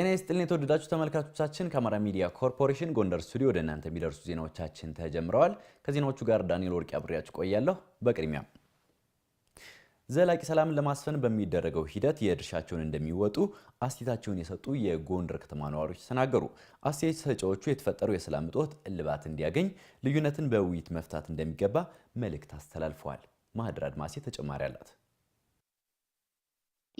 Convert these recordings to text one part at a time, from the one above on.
ጤና ይስጥልን የተወደዳችሁ ተመልካቾቻችን፣ ከአማራ ሚዲያ ኮርፖሬሽን ጎንደር ስቱዲዮ ወደ እናንተ የሚደርሱ ዜናዎቻችን ተጀምረዋል። ከዜናዎቹ ጋር ዳንኤል ወርቅ አብሬያችሁ ቆያለሁ። በቅድሚያ ዘላቂ ሰላምን ለማስፈን በሚደረገው ሂደት የድርሻቸውን እንደሚወጡ አስተያየታቸውን የሰጡ የጎንደር ከተማ ነዋሪዎች ተናገሩ። አስተያየት ሰጪዎቹ የተፈጠረው የሰላም እጦት እልባት እንዲያገኝ ልዩነትን በውይይት መፍታት እንደሚገባ መልእክት አስተላልፈዋል። ማህደር አድማሴ ተጨማሪ አላት።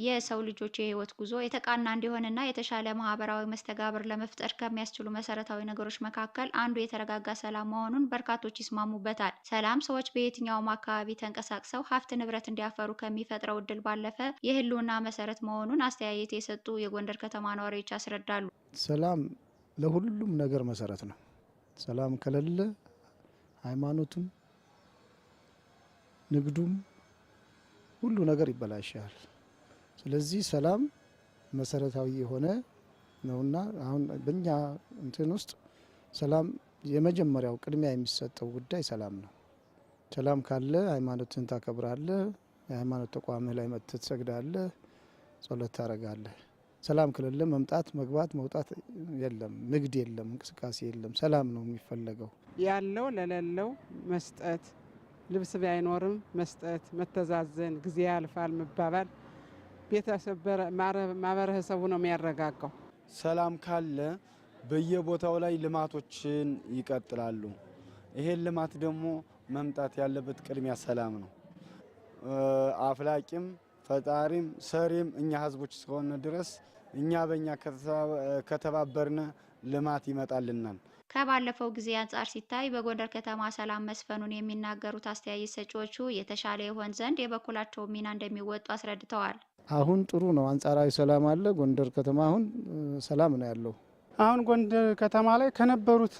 የሰው ልጆች የህይወት ጉዞ የተቃና እንዲሆንና የተሻለ ማህበራዊ መስተጋብር ለመፍጠር ከሚያስችሉ መሰረታዊ ነገሮች መካከል አንዱ የተረጋጋ ሰላም መሆኑን በርካቶች ይስማሙበታል። ሰላም ሰዎች በየትኛውም አካባቢ ተንቀሳቅሰው ሀብት ንብረት እንዲያፈሩ ከሚፈጥረው እድል ባለፈ የህልውና መሰረት መሆኑን አስተያየት የሰጡ የጎንደር ከተማ ነዋሪዎች ያስረዳሉ። ሰላም ለሁሉም ነገር መሰረት ነው። ሰላም ከሌለ ሃይማኖትም ንግዱም ሁሉ ነገር ይበላሻል። ስለዚህ ሰላም መሰረታዊ የሆነ ነውና አሁን በኛ እንትን ውስጥ ሰላም የመጀመሪያው ቅድሚያ የሚሰጠው ጉዳይ ሰላም ነው። ሰላም ካለ ሃይማኖትን ታከብራለህ። የሃይማኖት ተቋምህ ላይ መጥተህ ትሰግዳለህ፣ ጸሎት ታደርጋለህ። ሰላም ከሌለ መምጣት መግባት መውጣት የለም፣ ንግድ የለም፣ እንቅስቃሴ የለም። ሰላም ነው የሚፈለገው። ያለው ለሌለው መስጠት፣ ልብስ ባይኖርም መስጠት፣ መተዛዘን፣ ጊዜ ያልፋል መባባል ቤተሰብ ማህበረሰቡ ነው የሚያረጋጋው። ሰላም ካለ በየቦታው ላይ ልማቶችን ይቀጥላሉ። ይሄን ልማት ደግሞ መምጣት ያለበት ቅድሚያ ሰላም ነው። አፍላቂም ፈጣሪም ሰሪም እኛ ህዝቦች እስከሆነ ድረስ እኛ በእኛ ከተባበርነ ልማት ይመጣልናል። ከባለፈው ጊዜ አንጻር ሲታይ በጎንደር ከተማ ሰላም መስፈኑን የሚናገሩት አስተያየት ሰጪዎቹ የተሻለ ይሆን ዘንድ የበኩላቸውን ሚና እንደሚወጡ አስረድተዋል። አሁን ጥሩ ነው፣ አንጻራዊ ሰላም አለ። ጎንደር ከተማ አሁን ሰላም ነው ያለው። አሁን ጎንደር ከተማ ላይ ከነበሩት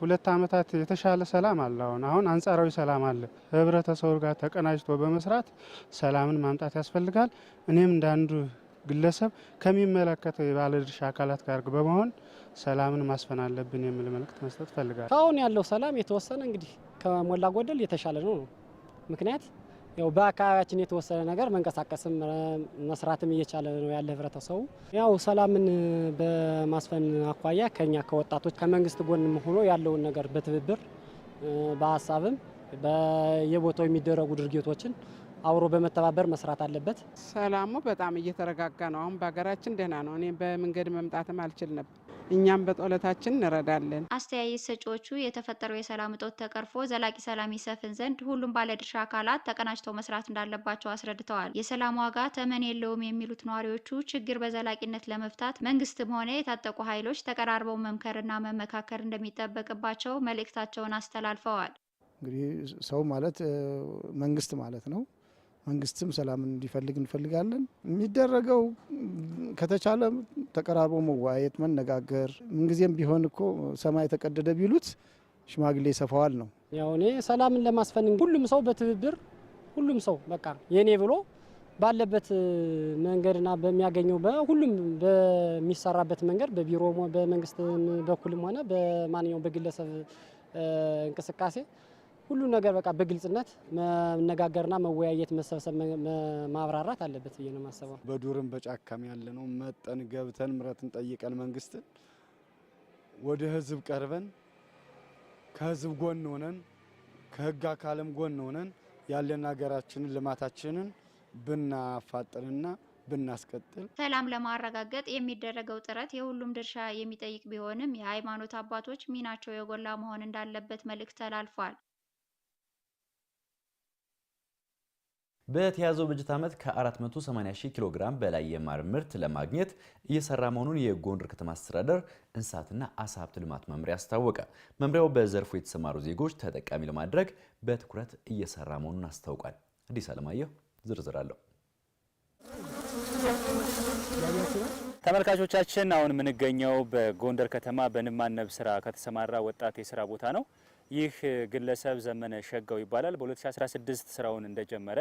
ሁለት ዓመታት የተሻለ ሰላም አለ። አሁን አሁን አንጻራዊ ሰላም አለ። ህብረተሰቡ ጋር ተቀናጅቶ በመስራት ሰላምን ማምጣት ያስፈልጋል። እኔም እንዳንዱ ግለሰብ ከሚመለከተው የባለድርሻ አካላት ጋር በመሆን ሰላምን ማስፈን አለብን የሚል መልእክት መስጠት ፈልጋል። አሁን ያለው ሰላም የተወሰነ እንግዲህ ከሞላ ጎደል የተሻለ ነው ነው ምክንያት ያው በአካባቢያችን የተወሰነ ነገር መንቀሳቀስም መስራትም እየቻለ ነው ያለ ህብረተሰቡ። ያው ሰላምን በማስፈን አኳያ ከኛ ከወጣቶች ከመንግስት ጎንም ሆኖ ያለውን ነገር በትብብር በሀሳብም በየቦታው የሚደረጉ ድርጊቶችን አብሮ በመተባበር መስራት አለበት። ሰላሙ በጣም እየተረጋጋ ነው አሁን በሀገራችን። ደህና ነው። እኔ በመንገድ መምጣትም አልችል ነበር እኛም በጦለታችን እንረዳለን። አስተያየት ሰጪዎቹ የተፈጠረው የሰላም እጦት ተቀርፎ ዘላቂ ሰላም ይሰፍን ዘንድ ሁሉም ባለድርሻ አካላት ተቀናጅተው መስራት እንዳለባቸው አስረድተዋል። የሰላም ዋጋ ተመን የለውም የሚሉት ነዋሪዎቹ ችግር በዘላቂነት ለመፍታት መንግስትም ሆነ የታጠቁ ኃይሎች ተቀራርበው መምከርና መመካከር እንደሚጠበቅባቸው መልእክታቸውን አስተላልፈዋል። እንግዲህ ሰው ማለት መንግስት ማለት ነው። መንግስትም ሰላም እንዲፈልግ እንፈልጋለን። የሚደረገው ከተቻለ ተቀራርቦ መወያየት፣ መነጋገር ምንጊዜም ቢሆን እኮ ሰማይ የተቀደደ ቢሉት ሽማግሌ ሰፋዋል ነው። ያው እኔ ሰላምን ለማስፈን ሁሉም ሰው በትብብር ሁሉም ሰው በቃ የኔ ብሎ ባለበት መንገድና በሚያገኘው ሁሉም በሚሰራበት መንገድ በቢሮ በመንግስት በኩልም ሆነ በማንኛውም በግለሰብ እንቅስቃሴ ሁሉ ነገር በቃ በግልጽነት መነጋገርና መወያየት፣ መሰብሰብ፣ ማብራራት አለበት ብዬ ነው የማስበው። በዱርም በጫካም ያለ ነው መጠን ገብተን ምረትን ጠይቀን መንግስትን ወደ ህዝብ ቀርበን ከህዝብ ጎን ሆነን ከህግ አካልም ጎን ሆነን ያለን ሀገራችንን ልማታችንን ብናፋጥንና ብናስቀጥል ሰላም ለማረጋገጥ የሚደረገው ጥረት የሁሉም ድርሻ የሚጠይቅ ቢሆንም የሃይማኖት አባቶች ሚናቸው የጎላ መሆን እንዳለበት መልእክት ተላልፏል። በተያዘው በጀት ዓመት ከ480 ኪሎ ግራም በላይ የማር ምርት ለማግኘት እየሰራ መሆኑን የጎንደር ከተማ አስተዳደር እንስሳትና አሳ ሀብት ልማት መምሪያ አስታወቀ። መምሪያው በዘርፉ የተሰማሩ ዜጎች ተጠቃሚ ለማድረግ በትኩረት እየሰራ መሆኑን አስታውቋል። አዲስ አለማየሁ ዝርዝር አለው። ተመልካቾቻችን አሁን የምንገኘው በጎንደር ከተማ በንብ ማነብ ስራ ከተሰማራ ወጣት የስራ ቦታ ነው። ይህ ግለሰብ ዘመነ ሸጋው ይባላል። በ2016 ስራውን እንደጀመረ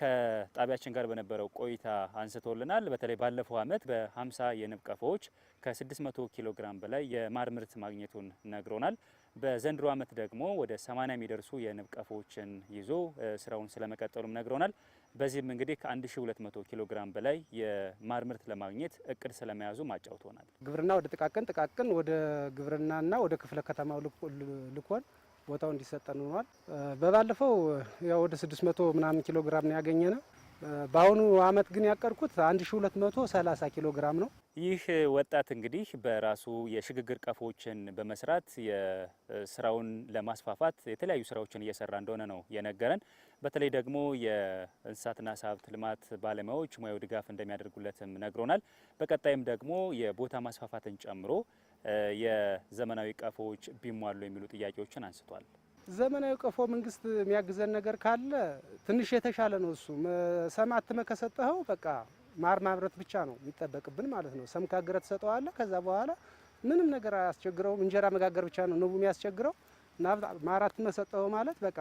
ከጣቢያችን ጋር በነበረው ቆይታ አንስቶልናል። በተለይ ባለፈው አመት በ50 የንብ ቀፎዎች ከ600 ኪሎ ግራም በላይ የማር ምርት ማግኘቱን ነግሮናል። በዘንድሮ ዓመት ደግሞ ወደ 80 የሚደርሱ የንብ ቀፎዎችን ይዞ ስራውን ስለመቀጠሉም ነግሮናል። በዚህም እንግዲህ ከ1200 ኪሎ ግራም በላይ የማር ምርት ለማግኘት እቅድ ስለመያዙ ማጫውቶናል። ግብርና ወደ ጥቃቅን ጥቃቅን ወደ ግብርናና ወደ ክፍለ ከተማው ልኮን ቦታው እንዲሰጠን ሆኗል። በባለፈው ያው ወደ 600 ምናምን ኪሎ ግራም ነው ያገኘ ነው። በአሁኑ አመት ግን ያቀድኩት 1230 ኪሎ ግራም ነው። ይህ ወጣት እንግዲህ በራሱ የሽግግር ቀፎችን በመስራት ስራውን ለማስፋፋት የተለያዩ ስራዎችን እየሰራ እንደሆነ ነው የነገረን። በተለይ ደግሞ የእንስሳትና ዓሳ ሀብት ልማት ባለሙያዎች ሙያዊ ድጋፍ እንደሚያደርጉለትም ነግሮናል። በቀጣይም ደግሞ የቦታ ማስፋፋትን ጨምሮ የዘመናዊ ቀፎዎች ቢሟሉ የሚሉ ጥያቄዎችን አንስቷል። ዘመናዊ ቀፎ መንግስት የሚያግዘን ነገር ካለ ትንሽ የተሻለ ነው። እሱ ሰማት ከሰጠኸው በቃ ማር ማምረት ብቻ ነው የሚጠበቅብን ማለት ነው። ሰም ካገረ ትሰጠዋለህ። ከዛ በኋላ ምንም ነገር አያስቸግረውም። እንጀራ መጋገር ብቻ ነው ንቡ የሚያስቸግረው ማራት መሰጠው ማለት በቃ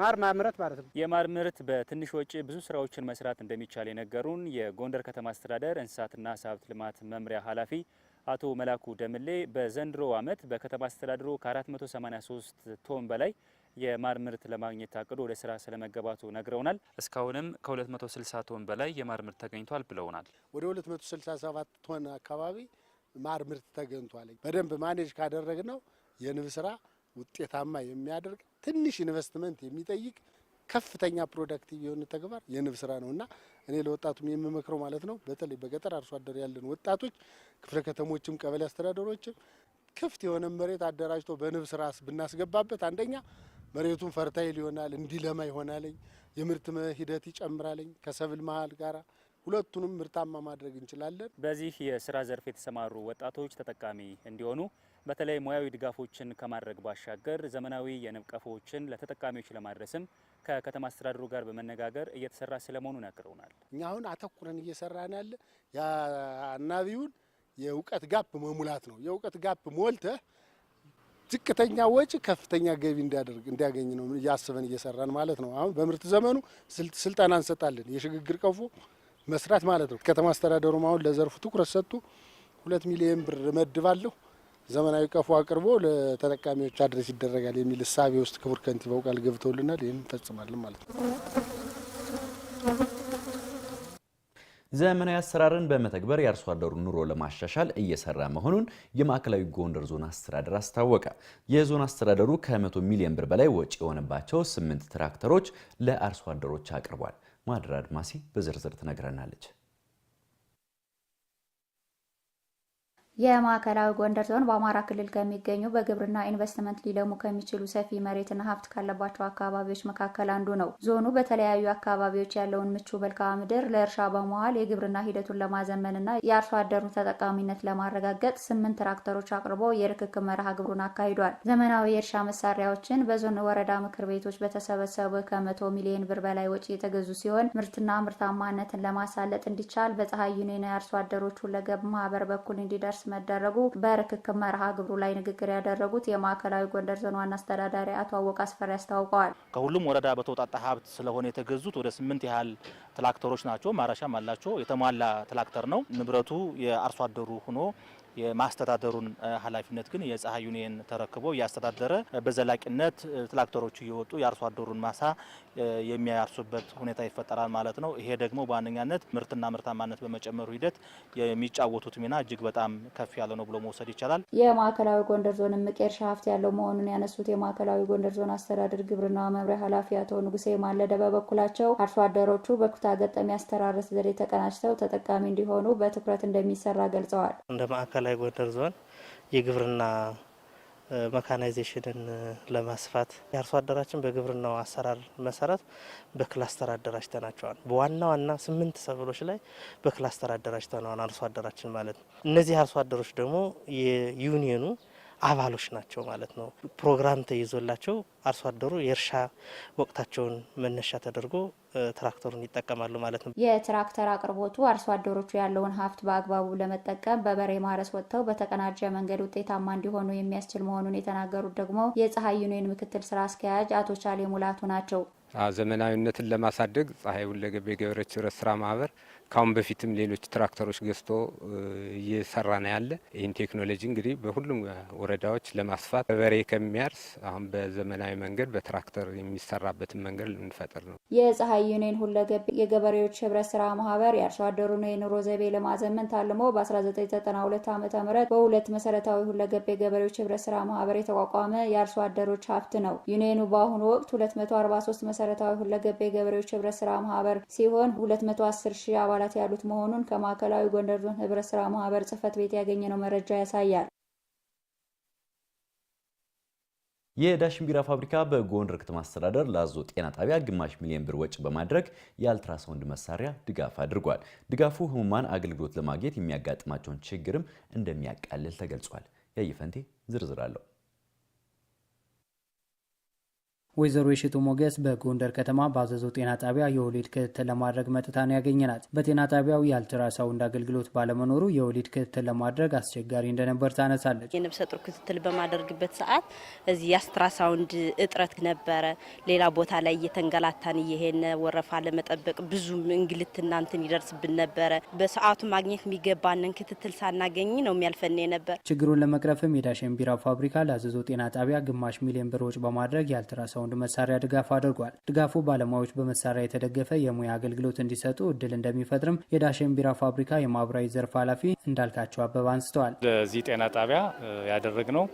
ማር ማምረት ማለት ነው። የማር ምርት በትንሽ ወጪ ብዙ ስራዎችን መስራት እንደሚቻል የነገሩን የጎንደር ከተማ አስተዳደር እንስሳትና ዓሳ ሀብት ልማት መምሪያ ኃላፊ አቶ መላኩ ደምሌ በዘንድሮ ዓመት በከተማ አስተዳደሩ ከ483 ቶን በላይ የማር ምርት ለማግኘት ታቅዶ ወደ ስራ ስለመገባቱ ነግረውናል። እስካሁንም ከ260 ቶን በላይ የማር ምርት ተገኝቷል ብለውናል። ወደ 267 ቶን አካባቢ ማር ምርት ተገኝቷል። በደንብ ማኔጅ ካደረግ ነው የንብ ስራ ውጤታማ የሚያደርግ ትንሽ ኢንቨስትመንት የሚጠይቅ ከፍተኛ ፕሮዳክቲቭ የሆነ ተግባር የንብ ስራ ነውና እኔ ለወጣቱም የምመክረው ማለት ነው በተለይ በገጠር አርሶ አደር ያለን ወጣቶች ክፍለ ከተሞችም ቀበሌ አስተዳደሮችም ክፍት የሆነ መሬት አደራጅቶ በንብ ስራስ ብናስገባበት አንደኛ መሬቱን ፈርታይል ይሆናል፣ እንዲለማ ይሆናል፣ የምርት ሂደት ይጨምራለኝ። ከሰብል መሀል ጋራ ሁለቱንም ምርታማ ማድረግ እንችላለን። በዚህ የስራ ዘርፍ የተሰማሩ ወጣቶች ተጠቃሚ እንዲሆኑ በተለይ ሙያዊ ድጋፎችን ከማድረግ ባሻገር ዘመናዊ የንብ ቀፎዎችን ለተጠቃሚዎች ለማድረስም ከከተማ አስተዳደሩ ጋር በመነጋገር እየተሰራ ስለመሆኑን ያቅረውናል። እኛ አሁን አተኩረን እየሰራን ያለ የአናቢውን የእውቀት ጋፕ መሙላት ነው። የእውቀት ጋፕ ሞልተ ዝቅተኛ ወጪ ከፍተኛ ገቢ እንዲያደርግ እንዲያገኝ ነው እያስበን እየሰራን ማለት ነው። አሁን በምርት ዘመኑ ስልጠና እንሰጣለን። የሽግግር ቀፎ መስራት ማለት ነው። ከተማ አስተዳደሩም አሁን ለዘርፉ ትኩረት ሰጥቶ ሁለት ሚሊዮን ብር እመድባለሁ ዘመናዊ ቀፎ አቅርቦ ለተጠቃሚዎች አድረስ ይደረጋል የሚል እሳቤ ውስጥ ክቡር ከንቲባው ቃል ገብተውልናል። ይህን እንፈጽማለን ማለት ነው። ዘመናዊ አሰራርን በመተግበር የአርሶ አደሩ ኑሮ ለማሻሻል እየሰራ መሆኑን የማዕከላዊ ጎንደር ዞን አስተዳደር አስታወቀ። የዞን አስተዳደሩ ከ100 ሚሊዮን ብር በላይ ወጪ የሆነባቸው ስምንት ትራክተሮች ለአርሶ አደሮች አቅርቧል። ማድራድ አድማሴ በዝርዝር ትነግረናለች። የማዕከላዊ ጎንደር ዞን በአማራ ክልል ከሚገኙ በግብርና ኢንቨስትመንት ሊለሙ ከሚችሉ ሰፊ መሬትና ሀብት ካለባቸው አካባቢዎች መካከል አንዱ ነው። ዞኑ በተለያዩ አካባቢዎች ያለውን ምቹ መልክዓ ምድር ለእርሻ በመዋል የግብርና ሂደቱን ለማዘመንና የአርሶ አደሩን ተጠቃሚነት ለማረጋገጥ ስምንት ትራክተሮች አቅርቦ የርክክብ መርሃ ግብሩን አካሂዷል። ዘመናዊ የእርሻ መሳሪያዎችን በዞን ወረዳ ምክር ቤቶች በተሰበሰበ ከመቶ ሚሊዮን ብር በላይ ወጪ የተገዙ ሲሆን ምርትና ምርታማነትን ለማሳለጥ እንዲቻል በፀሐይ ዩኒየን የአርሶ አደሮች ሁለገብ ማህበር በኩል እንዲደርስ መደረጉ በርክክብ መርሃ ግብሩ ላይ ንግግር ያደረጉት የማዕከላዊ ጎንደር ዞን ዋና አስተዳዳሪ አቶ አወቅ አስፈሪ አስታውቀዋል። ከሁሉም ወረዳ በተውጣጣ ሀብት ስለሆነ የተገዙት ወደ ስምንት ያህል ትላክተሮች ናቸው። ማረሻም አላቸው። የተሟላ ትላክተር ነው። ንብረቱ የአርሶ አደሩ ሆኖ የማስተዳደሩን ኃላፊነት ግን የፀሐይ ዩኒየን ተረክቦ እያስተዳደረ በዘላቂነት ትራክተሮቹ እየወጡ የአርሶ አደሩን ማሳ የሚያርሱበት ሁኔታ ይፈጠራል ማለት ነው። ይሄ ደግሞ በዋነኛነት ምርትና ምርታማነት በመጨመሩ ሂደት የሚጫወቱት ሚና እጅግ በጣም ከፍ ያለ ነው ብሎ መውሰድ ይቻላል። የማዕከላዊ ጎንደር ዞን እምቅ የእርሻ ሀብት ያለው መሆኑን ያነሱት የማዕከላዊ ጎንደር ዞን አስተዳደር ግብርና መምሪያ ኃላፊ አቶ ንጉሴ ማለደ በበኩላቸው አርሶ አደሮቹ በኩታ ገጠም ያስተራረስ ዘዴ ተቀናጅተው ተጠቃሚ እንዲሆኑ በትኩረት እንደሚሰራ ገልጸዋል። እንደ ማዕከላዊ ከላይ ጎንደር ዞን የግብርና መካናይዜሽንን ለማስፋት የአርሶ አደራችን በግብርናው አሰራር መሰረት በክላስተር አደራጅተናቸዋል። በዋና ዋና ስምንት ሰብሎች ላይ በክላስተር አደራጅተነዋል አርሶ አደራችን ማለት ነው። እነዚህ አርሶ አደሮች ደግሞ የዩኒየኑ አባሎች ናቸው ማለት ነው። ፕሮግራም ተይዞላቸው አርሶ አደሩ የእርሻ ወቅታቸውን መነሻ ተደርጎ ትራክተሩን ይጠቀማሉ ማለት ነው። የትራክተር አቅርቦቱ አርሶ አደሮቹ ያለውን ሀብት በአግባቡ ለመጠቀም በበሬ ማረስ ወጥተው በተቀናጀ መንገድ ውጤታማ እንዲሆኑ የሚያስችል መሆኑን የተናገሩት ደግሞ የፀሐይ ዩኒየን ምክትል ስራ አስኪያጅ አቶ ቻሌ ሙላቱ ናቸው። ዘመናዊነትን ለማሳደግ ፀሐይ ሁለገብ የገበሬዎች ህብረት ስራ ማህበር ከአሁን በፊትም ሌሎች ትራክተሮች ገዝቶ እየሰራ ነው ያለ። ይህን ቴክኖሎጂ እንግዲህ በሁሉም ወረዳዎች ለማስፋት በበሬ ከሚያርስ አሁን በዘመናዊ መንገድ በትራክተር የሚሰራበትን መንገድ ልንፈጥር ነው። የፀሐይ ዩኒየን ሁለገብ የገበሬዎች ህብረት ስራ ማህበር የአርሶ አደሩን የኑሮ ዘይቤ ለማዘመን ታልሞ በ1992 ዓ ም በሁለት መሰረታዊ ሁለገብ የገበሬዎች ህብረት ስራ ማህበር የተቋቋመ የአርሶ አደሮች ሀብት ነው። ዩኒየኑ በአሁኑ ወቅት 243 መሰረታዊ ሁለገብ የገበሬዎች ህብረት ስራ ማህበር ሲሆን 210 ሺ አባ አባላት ያሉት መሆኑን ከማዕከላዊ ጎንደር ዞን ህብረት ስራ ማህበር ጽህፈት ቤት ያገኘነው መረጃ ያሳያል። የዳሽን ቢራ ፋብሪካ በጎንደር ከተማ አስተዳደር ላዞ ጤና ጣቢያ ግማሽ ሚሊዮን ብር ወጪ በማድረግ የአልትራሳውንድ መሳሪያ ድጋፍ አድርጓል። ድጋፉ ህሙማን አገልግሎት ለማግኘት የሚያጋጥማቸውን ችግርም እንደሚያቃልል ተገልጿል። ያየፈንቴ ዝርዝር አለው። ወይዘሮ የሽቱ ሞገስ በጎንደር ከተማ በአዘዞ ጤና ጣቢያ የወሊድ ክትትል ለማድረግ መጥታ ነው ያገኘናት። በጤና ጣቢያው የአልትራሳውንድ አገልግሎት ባለመኖሩ የወሊድ ክትትል ለማድረግ አስቸጋሪ እንደነበር ታነሳለች። የነፍሰ ጡር ክትትል በማደርግበት ሰዓት እዚህ ሳውንድ እጥረት ነበረ። ሌላ ቦታ ላይ እየተንገላታን እየሄነ ወረፋ ለመጠበቅ ብዙ እንግልት እናንትን ይደርስብን ነበረ። በሰዓቱ ማግኘት የሚገባንን ክትትል ሳናገኝ ነው የሚያልፈን ነበር። ችግሩን ለመቅረፍም የዳሽን ቢራ ፋብሪካ ለአዘዞ ጤና ጣቢያ ግማሽ ሚሊዮን ብር ወጪ በማድረግ ሳውንድ ፓውንድ መሳሪያ ድጋፍ አድርጓል። ድጋፉ ባለሙያዎች በመሳሪያ የተደገፈ የሙያ አገልግሎት እንዲሰጡ እድል እንደሚፈጥርም የዳሽን ቢራ ፋብሪካ የማህበራዊ ዘርፍ ኃላፊ እንዳልካቸው አበባ አንስተዋል። ለዚህ ጤና ጣቢያ ያደረግነው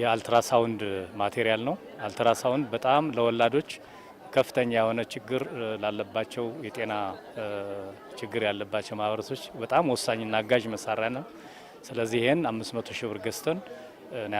የአልትራሳውንድ ማቴሪያል ነው። አልትራሳውንድ በጣም ለወላዶች ከፍተኛ የሆነ ችግር ላለባቸው የጤና ችግር ያለባቸው ማህበረሰቦች በጣም ወሳኝና አጋዥ መሳሪያ ነው። ስለዚህ ይህን 500 ሺህ ብር ገዝተን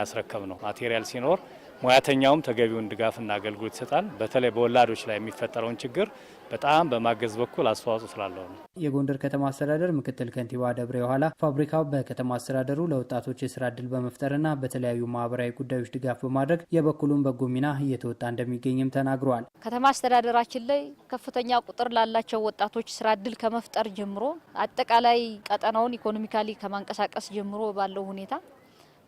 ያስረከብ ነው። ማቴሪያል ሲኖር ሙያተኛውም ተገቢውን ድጋፍና አገልግሎት ይሰጣል። በተለይ በወላዶች ላይ የሚፈጠረውን ችግር በጣም በማገዝ በኩል አስተዋጽኦ ስላለው ነው። የጎንደር ከተማ አስተዳደር ምክትል ከንቲባ ደብረ የኋላ ፋብሪካው በከተማ አስተዳደሩ ለወጣቶች የስራ እድል በመፍጠርና በተለያዩ ማህበራዊ ጉዳዮች ድጋፍ በማድረግ የበኩሉን በጎ ሚና እየተወጣ እንደሚገኝም ተናግረዋል። ከተማ አስተዳደራችን ላይ ከፍተኛ ቁጥር ላላቸው ወጣቶች ስራ እድል ከመፍጠር ጀምሮ አጠቃላይ ቀጠናውን ኢኮኖሚካሊ ከማንቀሳቀስ ጀምሮ ባለው ሁኔታ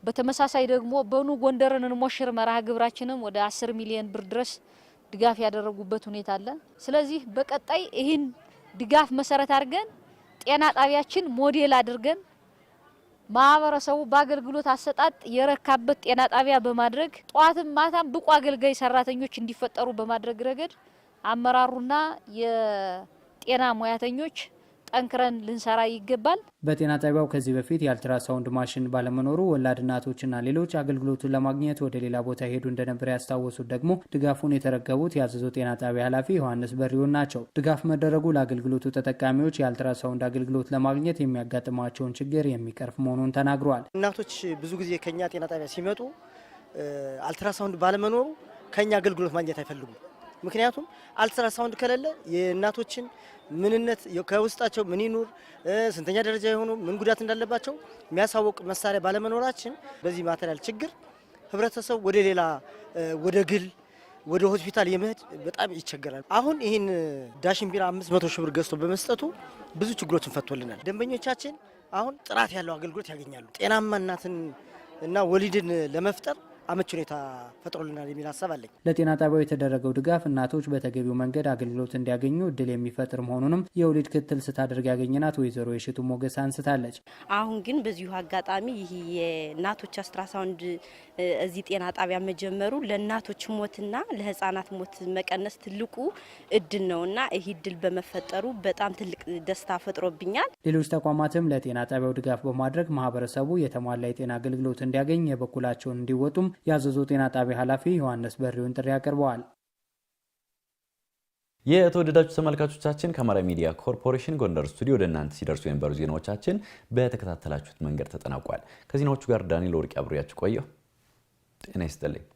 በተመሳሳይ ደግሞ በኑ ጎንደርን እንሞሽር መርሃ ግብራችንም ወደ 10 ሚሊዮን ብር ድረስ ድጋፍ ያደረጉበት ሁኔታ አለ። ስለዚህ በቀጣይ ይህን ድጋፍ መሰረት አድርገን ጤና ጣቢያችን ሞዴል አድርገን ማህበረሰቡ በአገልግሎት አሰጣጥ የረካበት ጤና ጣቢያ በማድረግ ጠዋትም ማታም ብቁ አገልጋይ ሰራተኞች እንዲፈጠሩ በማድረግ ረገድ አመራሩና የጤና ሙያተኞች ጠንክረን ልንሰራ ይገባል። በጤና ጣቢያው ከዚህ በፊት የአልትራሳውንድ ማሽን ባለመኖሩ ወላድ እናቶችና ሌሎች አገልግሎቱን ለማግኘት ወደ ሌላ ቦታ ሄዱ እንደነበር ያስታወሱት ደግሞ ድጋፉን የተረከቡት የአዘዞ ጤና ጣቢያ ኃላፊ ዮሐንስ በሪውን ናቸው። ድጋፍ መደረጉ ለአገልግሎቱ ተጠቃሚዎች የአልትራሳውንድ አገልግሎት ለማግኘት የሚያጋጥማቸውን ችግር የሚቀርፍ መሆኑን ተናግረዋል። እናቶች ብዙ ጊዜ ከኛ ጤና ጣቢያ ሲመጡ አልትራሳውንድ ባለመኖሩ ከኛ አገልግሎት ማግኘት አይፈልጉም። ምክንያቱም አልትራሳውንድ ከሌለ የእናቶችን ምንነት ከውስጣቸው ምን ይኑር፣ ስንተኛ ደረጃ የሆኑ ምን ጉዳት እንዳለባቸው የሚያሳውቅ መሳሪያ ባለመኖራችን በዚህ ማቴሪያል ችግር ህብረተሰቡ ወደ ሌላ ወደ ግል ወደ ሆስፒታል የመሄድ በጣም ይቸገራል። አሁን ይህን ዳሽን ቢራ 500 ሺህ ብር ገዝቶ በመስጠቱ ብዙ ችግሮችን ፈቶልናል። ደንበኞቻችን አሁን ጥራት ያለው አገልግሎት ያገኛሉ። ጤናማ እናትን እና ወሊድን ለመፍጠር አመች ሁኔታ ፈጥሮልናል የሚል ሀሳብ አለኝ። ለጤና ጣቢያው የተደረገው ድጋፍ እናቶች በተገቢው መንገድ አገልግሎት እንዲያገኙ እድል የሚፈጥር መሆኑንም የወሊድ ክትትል ስታደርግ ያገኘናት ወይዘሮ የሽቱ ሞገስ አንስታለች። አሁን ግን በዚሁ አጋጣሚ ይህ የእናቶች አስትራሳውንድ እዚህ ጤና ጣቢያ መጀመሩ ለእናቶች ሞትና ለህጻናት ሞት መቀነስ ትልቁ እድል ነውና ይህ እድል በመፈጠሩ በጣም ትልቅ ደስታ ፈጥሮብኛል። ሌሎች ተቋማትም ለጤና ጣቢያው ድጋፍ በማድረግ ማህበረሰቡ የተሟላ የጤና አገልግሎት እንዲያገኝ የበኩላቸውን እንዲወጡም ያዘዞ ጤና ጣቢያ ኃላፊ ዮሐንስ በሪውን ጥሪ አቅርበዋል። የተወደዳችሁ ተመልካቾቻችን ከአማራ ሚዲያ ኮርፖሬሽን ጎንደር ስቱዲዮ ወደ እናንተ ሲደርሱ የነበሩ ዜናዎቻችን በተከታተላችሁት መንገድ ተጠናቋል። ከዜናዎቹ ጋር ዳንኤል ወርቅ አብሬያችሁ ቆየሁ። ጤና ይስጥልኝ።